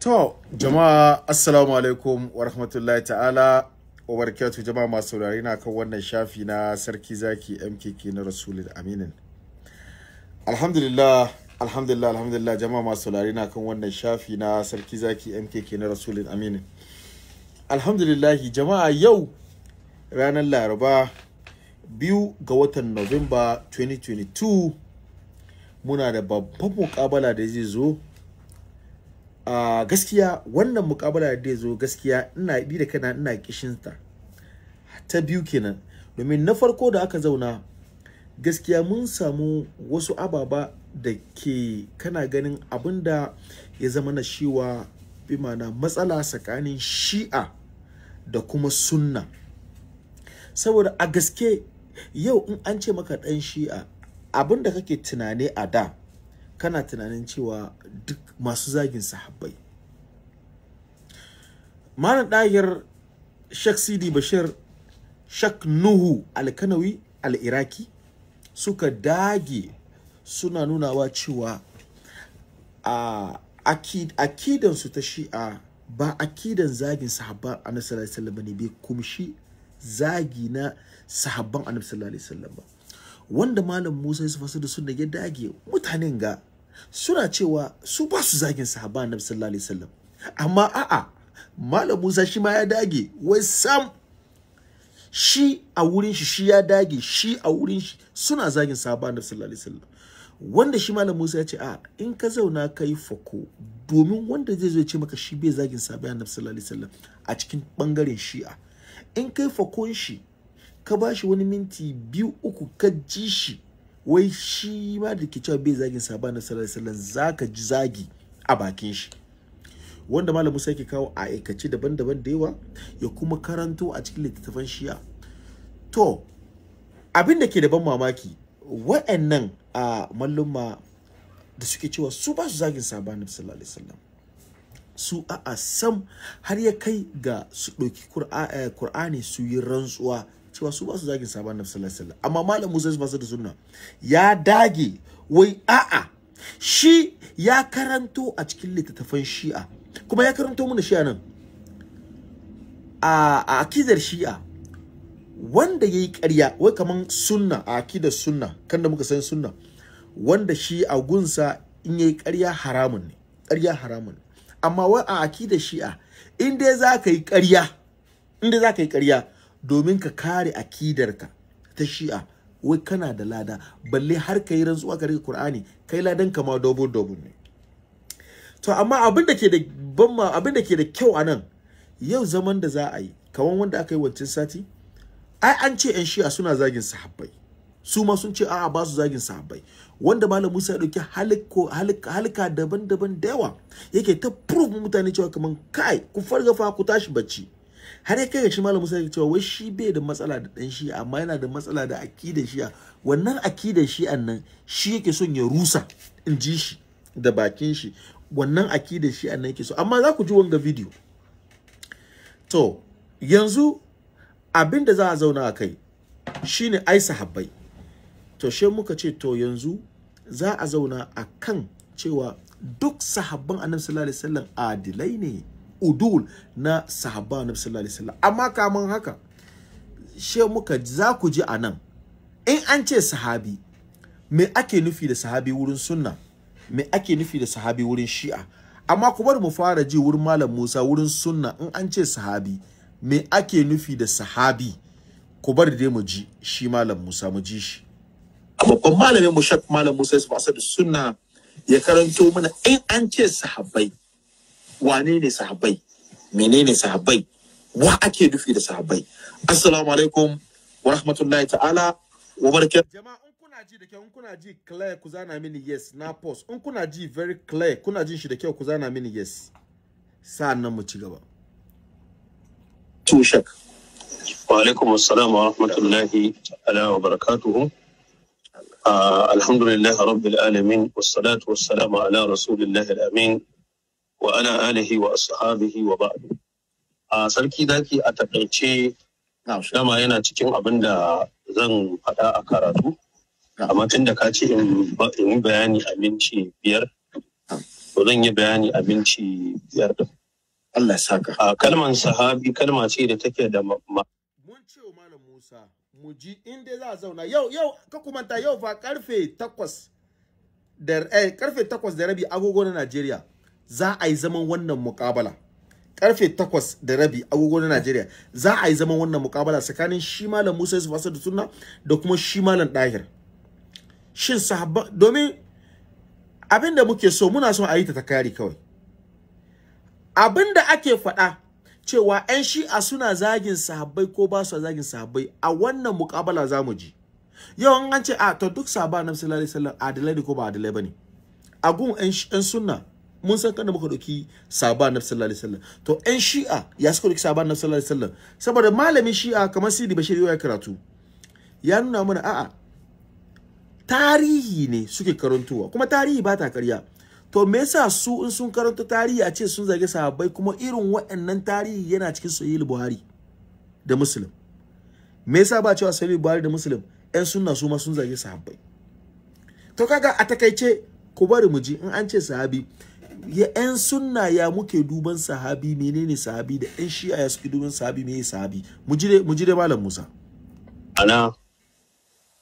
To, jama'a assalamu alaikum wa rahmatullahi ta'ala wa barakatuh jama'a masu saurari na kan wannan shafi na sarki zaki MKK na Rasulul Aminin. Alhamdulillah, alhamdulillah, alhamdulillah jama'a masu saurari na kan wannan shafi na sarki zaki MKK na Rasulul Aminin. Alhamdulillah jama'a yau ranar Laraba biyu ga watan November 2022 muna da babban mukabala da zai zo a gaskiya wannan mukabala da zo gaskiya ina bi da kana ina kishinta ta biyu kenan domin na farko da aka zauna gaskiya mun samu wasu ababa da ke kana ganin abinda ya zama na shiwa bi mana matsala tsakanin shi'a da kuma sunna saboda a gaske yau in an ce maka ɗan shi'a abinda kake tunani a da kana tunanin cewa duk masu zagin sahabbai malam ɗahir shak sidi bashir shak nuhu alkanawi al'iraki suka dage suna nunawa cewa a akidan su ta shi'a ba akidan zagin sahabban annabi sallallahu alaihi wasallam ne bai kumshi zagi na sahabban annabi sallallahu alaihi wasallam ba wanda malam Musa ya fasa da sunna ya dage mutanen ga suna cewa su ba su zagin sahaba annabi sallallahu alaihi wasallam amma a'a malam Musa shi ma ya dage wai sam shi a wurin shi shi ya dage shi a wurin shi suna zagin sahaba annabi sallallahu alaihi wasallam wanda shi malam Musa ya ce a in ka zauna kai fako domin wanda zai zo ya ce maka shi bai zagin sahaba annabi sallallahu alaihi wasallam a cikin bangaren shi'a in kai fakon shi ka ba shi wani minti biyu uku ka ji shi wai shi ma da ke cewa bai zagin Saba na sallallahu alaihi za ka ji zagi a bakin shi wanda malam Musa yake kawo a aikace daban-daban da yawa ya kuma karanto a cikin littattafan shiya to abin da ke da ban mamaki wa'annan a malluma da suke cewa su ba su zagin Saba na sallallahu alaihi su a'a sam har ya kai ga su ɗauki eh, kur'ani su yi rantsuwa cewa su ba su zagin sabon annabi sallallahu alaihi amma malam Musa ba su da sunna ya dage wai a'a shi ya karanto a cikin littattafan shi'a kuma ya karanto mana shi'a nan a akidar shi'a wanda ya yi ƙarya wai kamar sunna a akidar sunna kan da muka san sunna wanda shi a gunsa in ya yi ƙarya haramun ne ƙarya haramun amma wai a akidar shi'a in dai za ka yi ƙarya in dai za ka yi ƙarya domin ka kare ka ta shi'a wai kana da lada balle har ka yi rantsuwa ka rike Qur'ani kai ladan ka ma dobo-dobo ne to amma abin da ke da ban abin da ke da kyau anan, yau zaman da za a yi kaman wanda aka yi wancan sati ai an ce yan shi'a suna zagin sahabbai su ma sun ce a'a ba su zagin sahabbai wanda malam Musa ya dauki halika daban-daban da yawa yake ta proof mutane cewa kaman kai ku farga fa ku tashi bacci har ya kai ga shi malam musa ya cewa wai shi bai da matsala da dan shi amma yana da matsala da akidar shi'a wannan akidar shi nan shi yake son ya rusa in ji shi da bakin shi wannan akidar shi nan yake so amma za ku ji wanga bidiyo to yanzu abin da za a zauna a kai shine ai sahabbai to she muka ce to yanzu za a zauna a kan cewa duk sahabban annabi sallallahu alaihi wasallam adilai ne udul na sahaba na sallallahu alaihi wasallam amma kaman haka she muka za ku ji anan in an ce sahabi me ake nufi da sahabi wurin sunna me ake nufi da sahabi wurin shi'a amma ku bari mu fara ji wurin malam Musa wurin sunna in an ce sahabi me ake nufi da sahabi ku bari dai mu ji shi malam Musa mu ji shi babban malamin mu shak malam Musa Yusuf Asadu sunna ya karanto mana in an ce sahabbai wane ne sahabbai menene sahabbai wa ake nufi da sahabbai assalamu alaikum wa rahmatullahi ta'ala wa barakatuh jama'a in kuna ji da kyau in kuna ji clear ku zana mini yes na pause in kuna ji very clear kuna jin shi da kyau ku zana mini yes sa'annan mu ci gaba to wa alaikum assalam wa rahmatullahi ta'ala wa barakatuh ah, alhamdulillah rabbil alamin was salatu ala rasulillahi Alamin. wa ana alihi wa ashabihi wa ba'du a sarki zaki a takaice dama yana cikin abin da zan faɗa a karatu amma tun da ka ce in yi bayani abinci biyar to zan yi bayani abinci biyar da Allah ya saka a kalman sahabi kalma ce da take da ma mun ce wa malam Musa mu ji inda za a zauna yau yau ka kumanta yau fa karfe takwas da eh, karfe 8 da rabi agogo na Najeriya za a yi zaman wannan muƙabala karfe takwas da rabi agogo na Najeriya za a yi zaman wannan muƙabala tsakanin shi malam Musa Yusuf Asad da Sunna da kuma shi malam Dahir shin sahabba domin abin da muke so muna so a yi ta takari kawai Abinda ake faɗa cewa 'yan shi'a suna zagin sahabbai ko ba su zagin sahabbai a wannan mukabala za mu ji yau an ce a to duk sahabba na sallallahu alaihi wasallam adalai ko ba adalai bane a gun 'yan sunna mun san kada muka doki saba na sallallahu alaihi wasallam to ɗan shi'a ya suka doki saba na sallallahu alaihi wasallam saboda malamin shi'a kamar sidi bashir ya karatu ya nuna mana a'a tarihi ne suke karantowa kuma tarihi ba ta karya to me yasa su in sun karanta tarihi a ce sun zage sahabbai kuma irin waɗannan tarihi yana cikin sahihul buhari da muslim me yasa ba cewa sahihul buhari da muslim ɗan sunna su ma sun zage sahabbai to kaga a takaice ku bari mu ji in an ce sahabi ya yan sunna ya muke duban sahabi menene sahabi da yan shi'a ya suke duban sahabi meye sahabi mu ji malam musa ana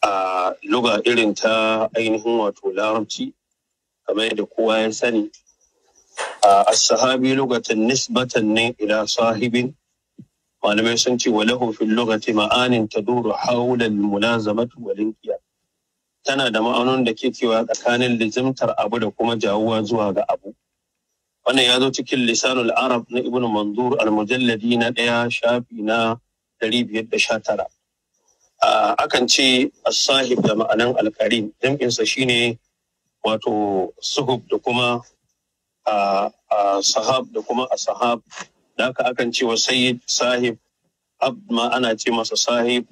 a luga irin ta ainihin wato larabci kamar yadda kowa ya sani a sahabi lugatan nisbatan ne ila sahibin malamai sun ce walahu fil lugati ma'anin taduru haula mulazamatu wal inqiyad tana da ma'anun da ke cewa tsakanin lizimtar abu da kuma jawuwa zuwa ga abu wannan ya zo cikin lisanul arab na ibn mandur al-mujalladi na ɗaya shafi na 519 akan ce as-sahib da ma'anan al-karim jam'insa shine wato suhub da kuma sahab da kuma sahab. da haka akan ce wa sayyid sahib abd ma ana ce masa sahib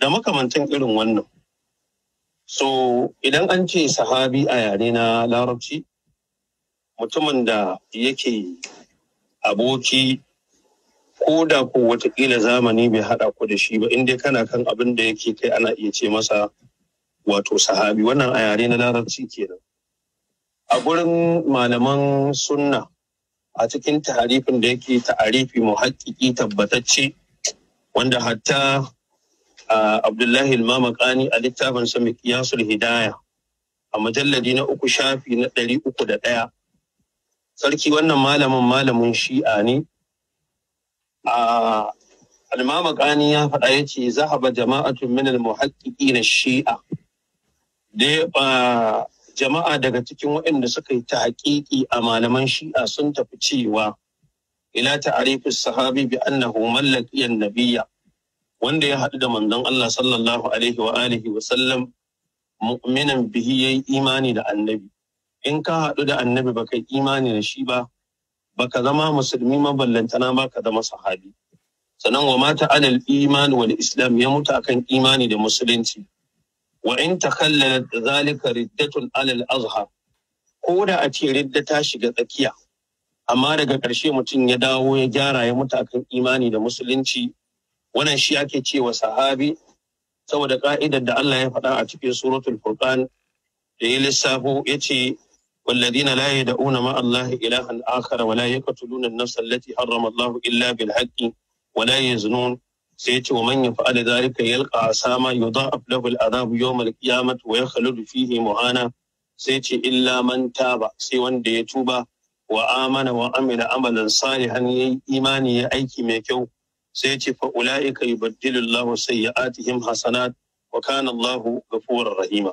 da makamantan irin wannan so idan an ce sahabi a yare na larabci mutumin da yake aboki ko da ko watakila zamani bai haɗa ku da shi ba inda dai kana kan abin da yake kai ana iya ce masa wato sahabi wannan a yare na larabci kenan a gurin malaman sunna a cikin tarifin da yake ta'arifi haƙiƙi tabbatacce wanda hatta abdullahi al-mamakani a littafin sa miqyasul hidaya a mujalladi na uku shafi na ɗari uku da ɗaya sarki wannan malamin malamin shi'a ne a almama kani ya faɗa ya ce zahaba jama'atun min almuhaqqiqi na shi'a jama'a daga cikin waɗanda suka yi haƙiƙi a malaman shi'a sun tafi cewa ila ta'arifi sahabi bi annahu mallakiyan nabiyya wanda ya haɗu da manzon Allah sallallahu alaihi wa alihi wa sallam mu'minan bihi yayi imani da annabi in ka haɗu da annabi baka imani da shi ba baka zama musulmi maballantana ba ka zama sahabi sannan wa mata alal imani wal islam ya mutu akan imani da musulunci wa in takhallalat zalika riddatun alal azhar ko da a ce ridda ta shiga tsakiya amma daga ƙarshe mutum ya dawo ya gyara ya mutu akan imani da musulunci wannan shi ake cewa sahabi saboda ka'idar da Allah ya faɗa a cikin suratul furqan da ya lissafo ya ce والذين لا يدعون مع الله إلها آخر ولا يقتلون النفس التي حرم الله إلا بالحق ولا يزنون سيت ومن يفعل ذلك يلقى عساما يضاعف له العذاب يوم القيامة ويخلد فيه مهانا سيت إلا من تاب سوى يتوب وآمن وعمل عملا صالحا إيماني أيكي ميكو سيت فأولئك يبدل الله سيئاتهم حسنات وكان الله غفورا رحيما.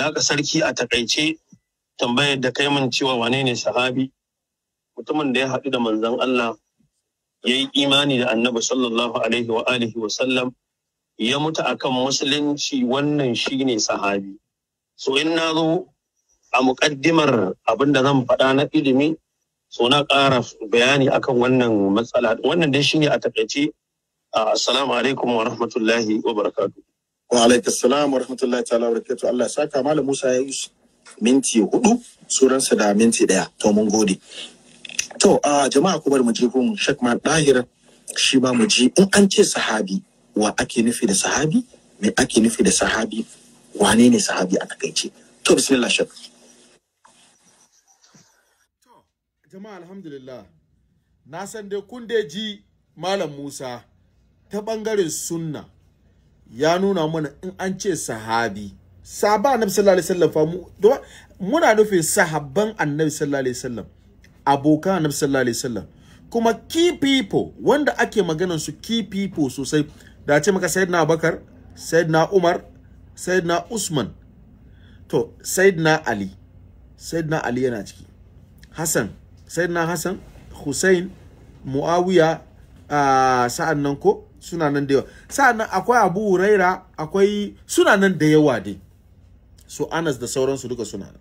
ذاك سركي أتقيتي tambayar da kai min cewa wane ne sahabi mutumin da ya haɗu da manzon Allah ya yi imani da annabi sallallahu alaihi wa alihi wa sallam ya mutu akan musulunci wannan shi ne sahabi so in na zo a muƙaddimar abin da zan faɗa na ilimi so na ƙara bayani akan wannan matsala wannan dai shi ne a taƙaice assalamu alaikum wa rahmatullahi wa barakatuh wa alaikum assalam wa rahmatullahi ta'ala wa barakatuh Allah ya saka malam Musa ya yi minti hudu suransa da minti daya to mun gode to a jama'a kuma mu je kun shakman dahir shi ba mu ji in an ce sahabi wa ake nufi da sahabi me ake nufi da sahabi wane ne sahabi a takaice to bismillah shak jama'a alhamdulillah na san dai kun dai ji malam Musa ta bangaren sunna ya nuna mana in an ce sahabi sahaba annabi sallallahu alaihi wasallam fa mu muna nufin sahabban annabi sallallahu alaihi wasallam abokan annabi sallallahu alaihi wasallam kuma key people wanda ake maganan su key people sosai da ce maka sayyidina Abubakar sayyidina Umar sayyidina Usman to sayyidina Ali sayyidina Ali yana ciki Hassan sayyidina Hassan Hussein Muawiya uh, sa'an nan ko suna nan da yawa sa'an nan akwai Abu Huraira akwai suna nan da yawa dai su anas da sauransu duka suna nan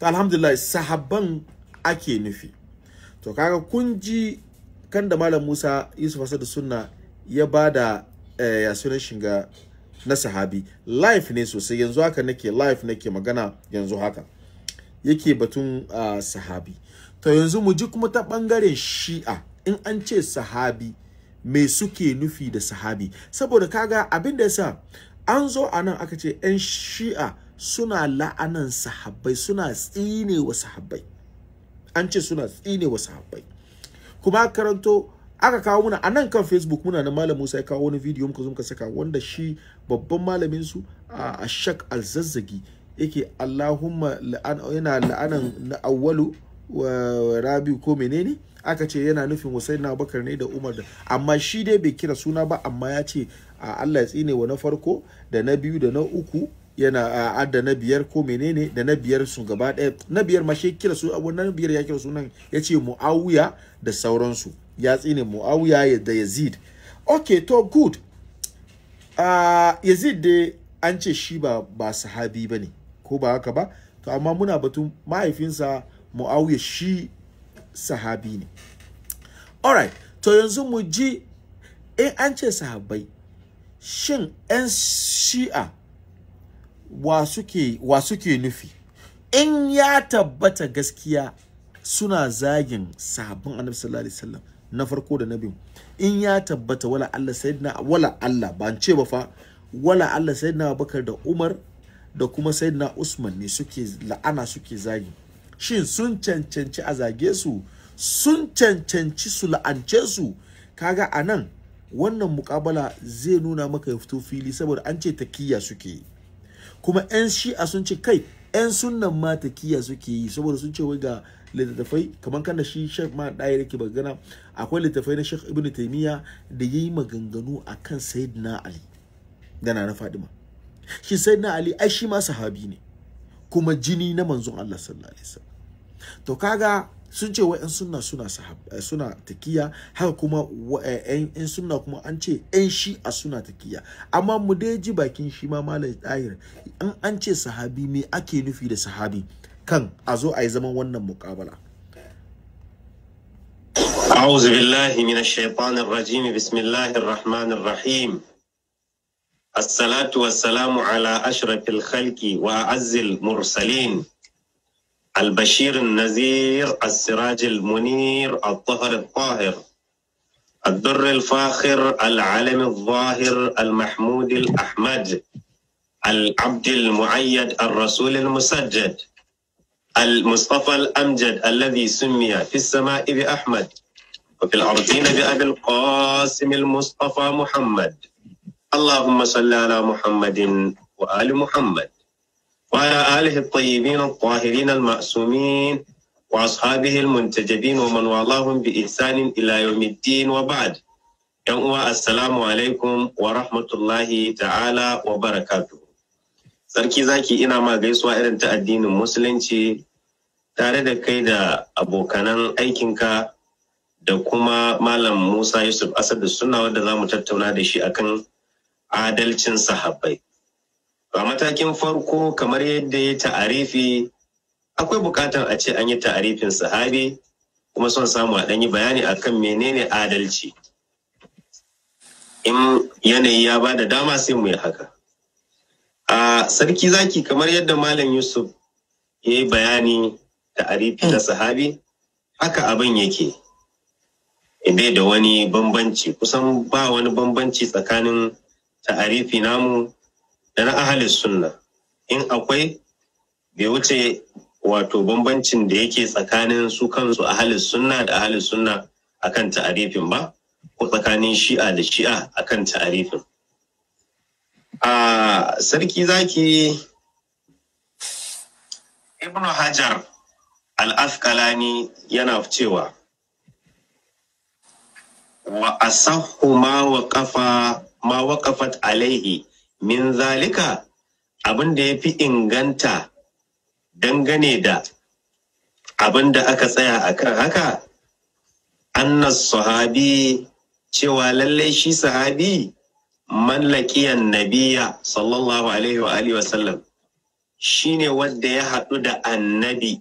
to alhamdulillah sahabban ake nufi to kaga kun ji kan da malam musa yusuf asad sunna ya bada eh, ya sunan shiga na sahabi life ne sosai yanzu haka nake life nake magana yanzu haka yake batun uh, sahabi to yanzu mu ji kuma ta bangaren shi'a in an ce sahabi me suke nufi da sahabi saboda kaga abin da yasa an zo a nan aka ce 'yan shi'a suna la'anan sahabbai suna tsine wa sahabbai an ce suna tsine wa sahabbai kuma karanto aka kawo muna a nan kan facebook muna na malam musa ya kawo wani bidiyo muka zo muka saka wanda shi babban malamin su a shak alzazzagi yake allahumma yana la'anan na awwalu wa rabi ko menene aka ce yana nufin wasaid na bakar ne da umar da amma shi dai bai kira suna ba amma ya ce allah ya tsine wa na farko da na biyu da na uku yana a adda na biyar ko menene da na biyar su gaba ɗaya na biyar ma shi kira su abu na biyar ya kira sunan ya ce muawiya da sauransu ya tsine muawiya da yazid ok to good uh, yazid da an ce shi ba ba sahabi ba ne ko ba haka ba to amma muna batun mahaifinsa muawiya shi sahabi ne alright to yanzu mu ji in an ce sahabai shin 'yan shi'a wa suke nufi in ya tabbata gaskiya suna zagin sabon annabi sallallahu alaihi wasallam na farko da na biyu in ya tabbata wala Allah sayyidina wala Allah ban ce ba fa wala Allah sayyidina Abubakar da Umar da kuma sayyidina Usman ne suke la'ana suke zagi shin sun cancanci a zage su sun cancanci su la'ance su kaga anan wannan mukabala zai nuna maka ya fito fili saboda an ce takiyya suke yi kuma 'yan shi'a sun ce kai 'yan sunnan ma suke yi saboda sun ce wai ga littattafai kamar kan da shi shek ma ɗaya yake magana akwai littattafai na shek ibn taimiyya da ya yi maganganu a kan sayyidina ali da na fadima shi sayyidina ali ai shi ma sahabi ne kuma jini na manzon allah sallallahu alaihi wasallam to kaga sun ce wa'yan sunna suna eh, suna takiya haka kuma eh, yan sunna kuma an ce yan shi'a suna takiya amma mu dai ji bakin shi ma malam dahir an an ce sahabi ne ake nufi da sahabi kan a zo a yi zaman wannan muƙabala أعوذ بالله من الشيطان الرجيم بسم الله الرحمن الرحيم الصلاة والسلام على أشرف الخلق وأعز المرسلين البشير النذير السراج المنير الطهر الطاهر الدر الفاخر العلم الظاهر المحمود الأحمد العبد المعيد الرسول المسجد المصطفى الأمجد الذي سمي في السماء بأحمد وفي الأرضين بأبي القاسم المصطفى محمد اللهم صل على محمد وآل محمد وعلى آله الطيبين الطاهرين المأسومين وأصحابه المنتجبين ومن والاهم بإحسان إلى يوم الدين وبعد ‘Yan uwa asalamu alaikum wa rahmatullahi ta'ala wa barakatu. Sarki zaki ina ma gaisuwa irin ta addinin Musulunci tare da kai da abokanan aikinka da kuma Malam Musa Yusuf Asadu suna wanda za mu tattauna da shi akan adalcin sahabbai. a matakin farko kamar yadda ya ta'arifi akwai bukatar a ce an yi ta'arifin sahabi kuma son samu a ɗanyi bayani akan menene adalci in yanayi ya ba da dama sai mu yi haka a sarki zaki kamar yadda malam yusuf ya yi bayani ta'arifi na sahabi haka abin yake bai da wani bambanci kusan ba wani bambanci tsakanin ta'arifi namu da na ahalin sunna in akwai bai wuce wato bambancin da yake tsakanin su kansu ahalin sunna da ahalin sunna akan ta'arifin ba ko tsakanin shi'a da shi'a akan ta'arifin a sarki zaki Ibn hajar al-asqalani yana cewa wa Asahu ma waqafa ma waqafat alaihi min zalika abin da ya fi inganta dangane da abin da aka tsaya a kan haka annas sahabi cewa lallai shi sahabi mallakiyan nabiya sallallahu alaihi wa alihi wasallam shine wanda ya haɗu da annabi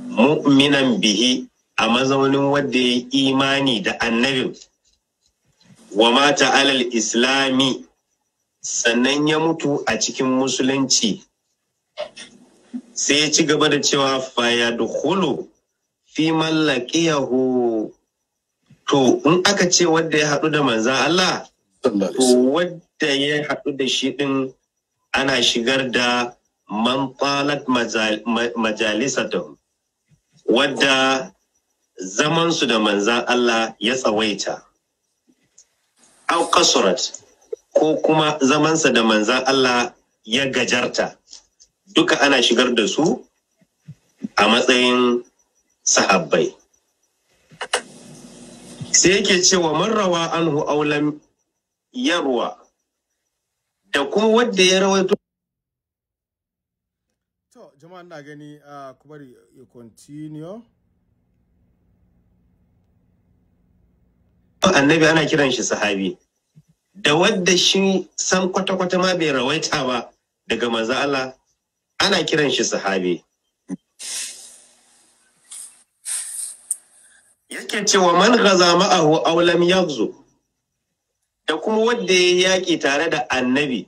mu'minan bihi a mazaunin wanda ya imani da annabin wa mata alal islami sannan ya mutu a cikin musulunci sai ya ci gaba da cewa faya dukhulu fi yahu." to in aka ce wadda ya haɗu da manzan Allah to wadda ya haɗu da shi ɗin ana shigar da man majalisa majalisatahum wadda zamansu da manza Allah ya tsawaita. Au kasurat ko kuma zamansa da manzan Allah ya gajarta duka ana shigar da su a matsayin sahabbai sai yake cewa marrawa anhu aulam yarwa da kuma wadda ya rawaito to jama'a na gani a kuma ya continue annabi ana kiran shi sahabi da wadda shi san kwata-kwata ma bai rawaita ba daga maza ana kiran shi sahabi. Yake cewa man gaza ma'ahu aulam yanzu da kuma wadda ya yaƙi tare da annabi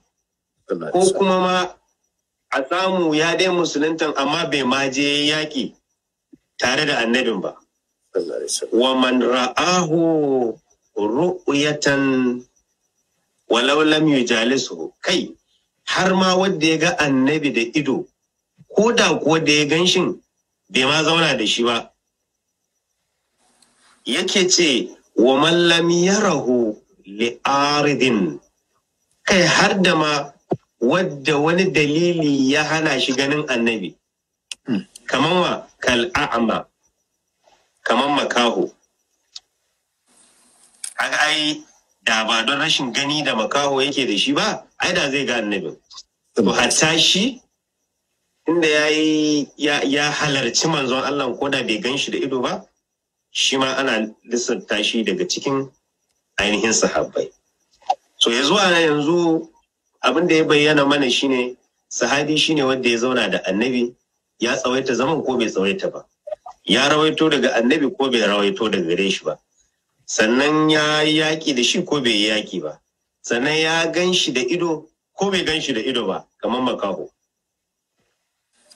ko kuma ma a samu ya dai musuluntan amma bai ma je yaƙi tare da annabin ba. Wa man ra'ahu ru'yatan walau lam yujalisu kai har ma wanda ya ga annabi da ido ko da kuwa da ya ganshin bai ma zauna da shi ba yake ce wa lam yarahu li'aridin kai har da ma wadda wani dalili ya hana shi ganin annabi hmm. kaman wa a'ma kaman makaho ai da ba don rashin gani da makaho yake da shi ba ai da zai ga annabin to hatta shi inda ya yi ya halarci manzon Allah ko da bai gan shi da ido ba shi ma ana lissafta shi daga cikin ainihin sahabbai so ya zuwa na yanzu abin da ya bayyana mana shine sahabi shine wanda ya zauna da annabi ya tsawaita zaman ko bai tsawaita ba ya rawaito daga annabi ko bai rawaito daga gare shi ba sannan ya yi yaƙi da shi ko bai yi yaƙi ba sannan ya gan shi da ido ko bai gan shi da ido ba kamar makaho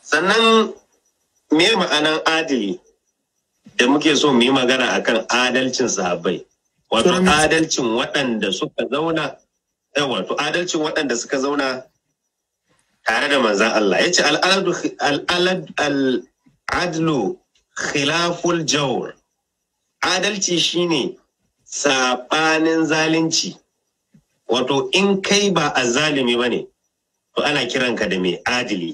sannan me ma'anan adili da muke so mu yi magana akan adalcin sahabbai wato adalcin waɗanda suka zauna eh, wato adalcin waɗanda suka zauna tare da manzan Allah ya ce al'adlu khilaful jawr adalci shine saɓanin zalunci wato in kai ba a zalimi ba ne to ana kiranka da mai adili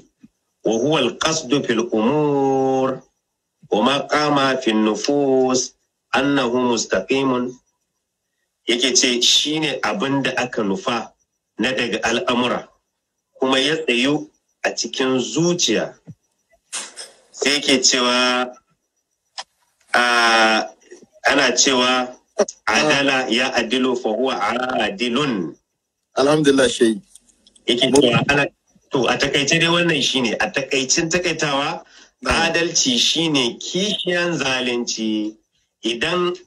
wa huwa alqasdu fil umur wa ma qama fil nufus annahu mustaqimun yake ce shine abin da aka nufa na daga al'amura kuma ya tsayu a cikin zuciya sai yake cewa ana cewa adala ya adilu fa huwa adilun alhamdulillah shi yake cewa ana to a takaice dai wannan shine a takaicin takaitawa adalci shine kishiyan zalunci idan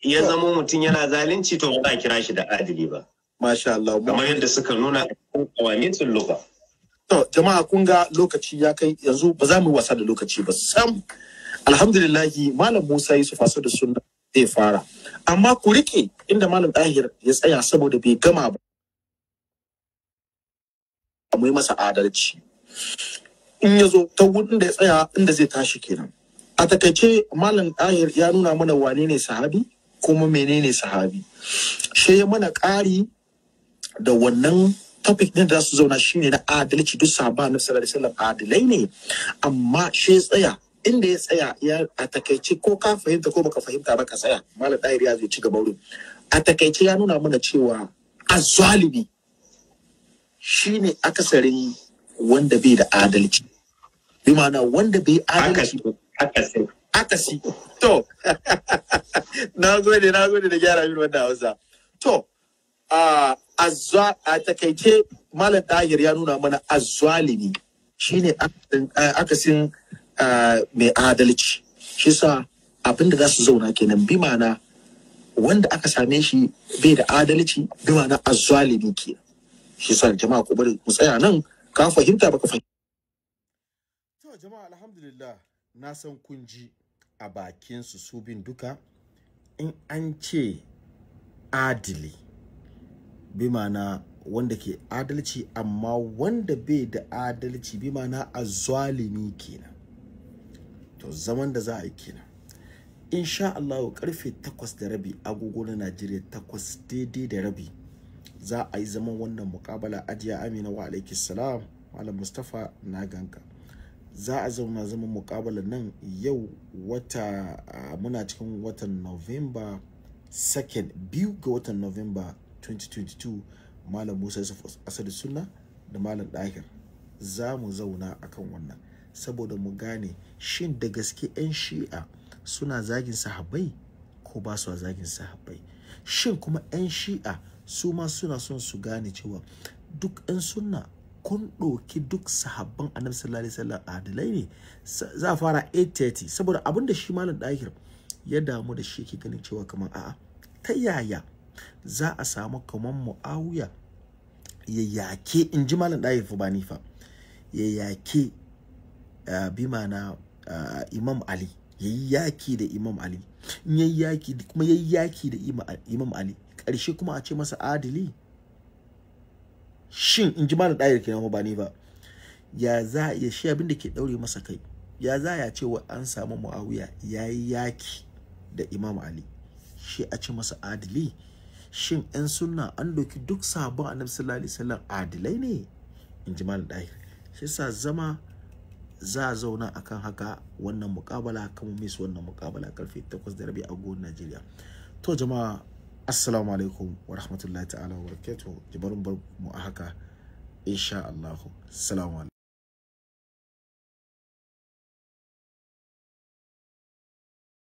ya zama mutum yana zalunci to ba kira shi da adili ba masha Allah kamar yadda suka nuna a kawanitin to jama'a kun ga lokaci ya kai yanzu ba za mu wasa da lokaci ba sam alhamdulillah malam Musa Yusuf Asadu da sunna zai fara amma ku rike inda malam dahir ya tsaya saboda bai gama ba mu yi masa adalci in ya zo ta wurin da ya tsaya inda zai tashi kenan a takaice malam dahir ya nuna mana wane ne sahabi kuma menene sahabi shi ya mana ƙari da wannan topic ne da za su zauna shine na adalci duk sahaba na sallallahu alaihi wasallam adalai ne amma shi tsaya inda ya tsaya ya a takaice ko ka fahimta ko baka fahimta ba ka tsaya malam dairi ya zo ci gaba wurin a takaice ya nuna mana cewa azzalimi shine akasarin wanda bai da adalci bi ma'ana wanda bai adalci akasi akasi to na gode na gode da gyara min wannan hausa to a a takaice malam ɗahir ya nuna mana azzalimi shine akasin mai adalci shi sa abin da za su zauna kenan bi ma'ana wanda aka same shi bai da adalci bi ma'ana azzalimi ke shi sa jama'a ku bari mu tsaya nan ka fahimta baka fahimta jama'a alhamdulillah na san kun ji a bakin su su bin duka in an ce adili bi ma'ana wanda ke adalci amma wanda bai da adalci bi ma'ana azzalimi kenan to zaman da za a yi kenan insha Allah karfe 8 da rabi agogo na Najeriya 8 daidai da rabi za a yi zaman wannan mukabala ajiya Amina wa alaiki salam Malam Mustafa na ganka za a zauna zaman mukabala nan yau wata muna cikin watan November 2nd biyu ga watan November 2022 Malam Musa Yusuf Asadu Sunna da Malam Dahir za mu zauna akan wannan saboda mu gane shin da gaske 'yan shi'a suna zagin sahabbai ko ba su zagin sahabbai shin kuma 'yan shi'a su ma suna son su gane cewa duk 'yan sunna kun ɗauki duk sahabban annabi sallallahu alaihi wasallam adalai ne za a fara 830 saboda abin da shi malam dakir ya damu da shi ke ganin cewa kamar a'a ta yaya za a samu kamar mu'awiya ya yake in ji malam dakir fa ba ni fa ya yake bi mana imam ali yayi yaki da imam ali in yayi yaki kuma yayi yaki da imam ali ƙarshe kuma a ce masa adili shin in ji malam ke kenan ba ni ba ya za a iya shi abin da ke ɗaure masa kai ya za ya ce wa an samu muawiya ya yi yaki da imam ali shi a ce masa adili shin 'yan sunna an doki duk sabon annabi sallallahu alaihi wasallam adilai ne in ji malam ɗahir shi sa zama za a zauna a kan haka wannan mukabala kamar mis wannan mukabala karfe 8 da rabi a agogon Najeriya to jama'a assalamu alaikum wa rahmatullahi ta'ala wa barakatuh jibarin bar mu a haka insha Allah alaikum